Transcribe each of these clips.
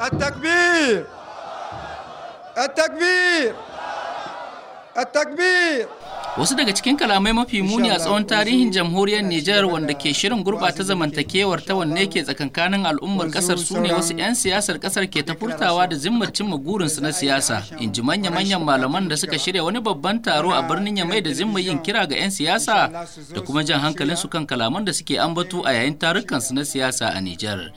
التكبير التكبير التكبير Wasu daga cikin kalamai mafi muni a tsawon tarihin jamhuriyar Nijar wanda ke shirin gurɓata zamantakewar ta wanne ke tsakankanin al'ummar ƙasar su ne wasu 'yan siyasar ƙasar ke ta furtawa da zimmar cimma na siyasa. In ji manya-manyan malaman da suka shirya wani babban taro a birnin Yamai da zimmar yin kira ga 'yan siyasa da kuma jan hankalinsu kan kalaman da suke ambato a yayin tarukansu na siyasa a Nijar.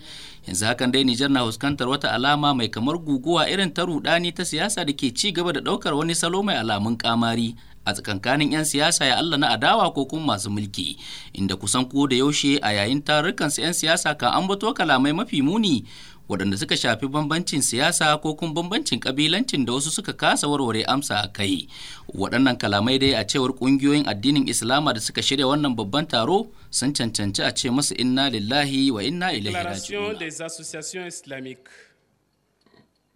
yanzu hakan dai nijar na fuskantar wata alama mai kamar guguwa irin ta rudani ta siyasa da ke ci gaba da daukar wani salo mai alamun kamari a tsakankanin 'yan siyasa ya Allah na adawa ko kuma masu mulki inda kusan ko da yaushe a yayin tarurkan 'yan siyasa kan ambato kalamai mafi muni waɗanda suka shafi bambancin siyasa ko kuma bambancin kabilancin da wasu suka kasa warware amsa a kai waɗannan kalamai dai a cewar ƙungiyoyin addinin islama da suka shirya wannan babban taro sun cancanci a ce masu inna lillahi wa inna ilaihi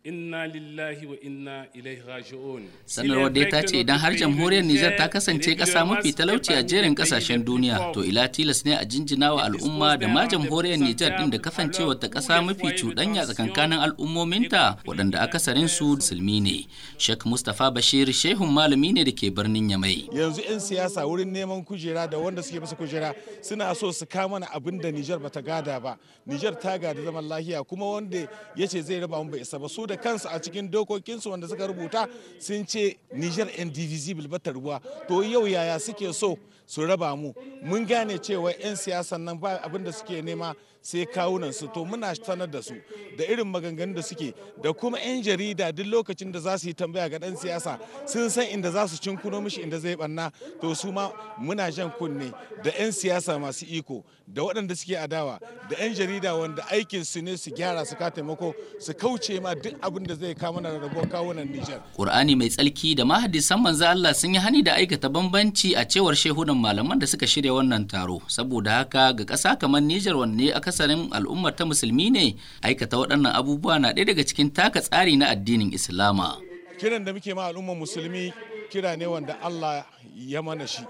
inna lillahi wa inna ilaihi raji'un sanarwar dai ta ce idan har jamhuriyar Nijar ta kasance kasa mafi talauci a jerin kasashen duniya to ila tilas ne a jinjina wa al'umma da ma jamhuriyar Nijar din da kasancewa ta kasa mafi cuɗanya tsakankanin al'ummominta waɗanda akasarin su musulmi ne Sheikh Mustapha Bashir shehun malami ne da ke birnin Yamai yanzu 'yan siyasa wurin neman kujera da wanda suke masa kujera suna so su kama mana abin da Nijar bata gada ba Nijar ta gada zaman lahiya kuma wanda yace zai raba mu bai isa ba su da kansu a cikin dokokinsu wanda suka rubuta sun ce niger indivisible ba ta ruwa to yau yaya suke so su raba mu mun gane cewa 'yan siyasan nan ba abin da suke nema sai kawunan su to muna sanar da su da irin maganganun da suke da kuma 'yan jarida duk lokacin da za su yi tambaya ga dan siyasa sun san inda za su cinkuno mishi inda zai banna to su ma muna jan kunne da 'yan siyasa masu iko da waɗanda suke adawa da 'yan jarida wanda aikin su ne su gyara su ka taimako su kauce ma duk abin da zai kawo na rabuwar kawunan Nijar. Qur'ani mai tsalki da mahaddisan manzo Allah sun yi hani da aikata bambanci a cewar shehunan malaman da suka shirya wannan taro saboda haka ga kasa kamar Nijar wanne aka akasarin al'ummar ta musulmi ne aikata waɗannan abubuwa na ɗaya daga cikin taka tsari na addinin islama kiran da muke ma al'ummar musulmi kira ne wanda allah ya mana shi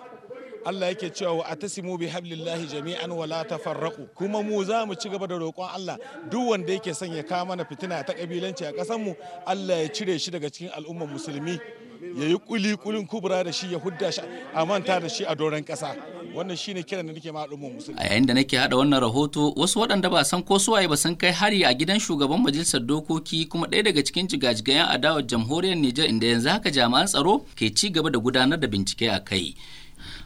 Allah yake cewa wa atasimu bi hablillahi jami'an wala la tafarraqu kuma mu za mu ci gaba da roƙon Allah duk wanda yake son ya kawo mana fitina ta kabilanci a ƙasar mu Allah ya cire shi daga cikin al'ummar musulmi ya yi kuli kulin kubura da shi ya hudda shi a manta da shi a doron ƙasa wannan shine kiran da nake ma mu musulmi a yayin da nake haɗa wannan rahoto wasu waɗanda ba san ko suwaye ba sun kai hari a gidan shugaban majalisar dokoki kuma ɗaya daga cikin jigajigayen adawar jamhuriyar Nijar inda yanzu haka jami'an tsaro ke ci gaba da gudanar da bincike a kai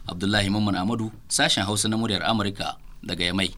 Abdullahi Mamman Amadu sashen Hausa na muryar Amurka daga Yamai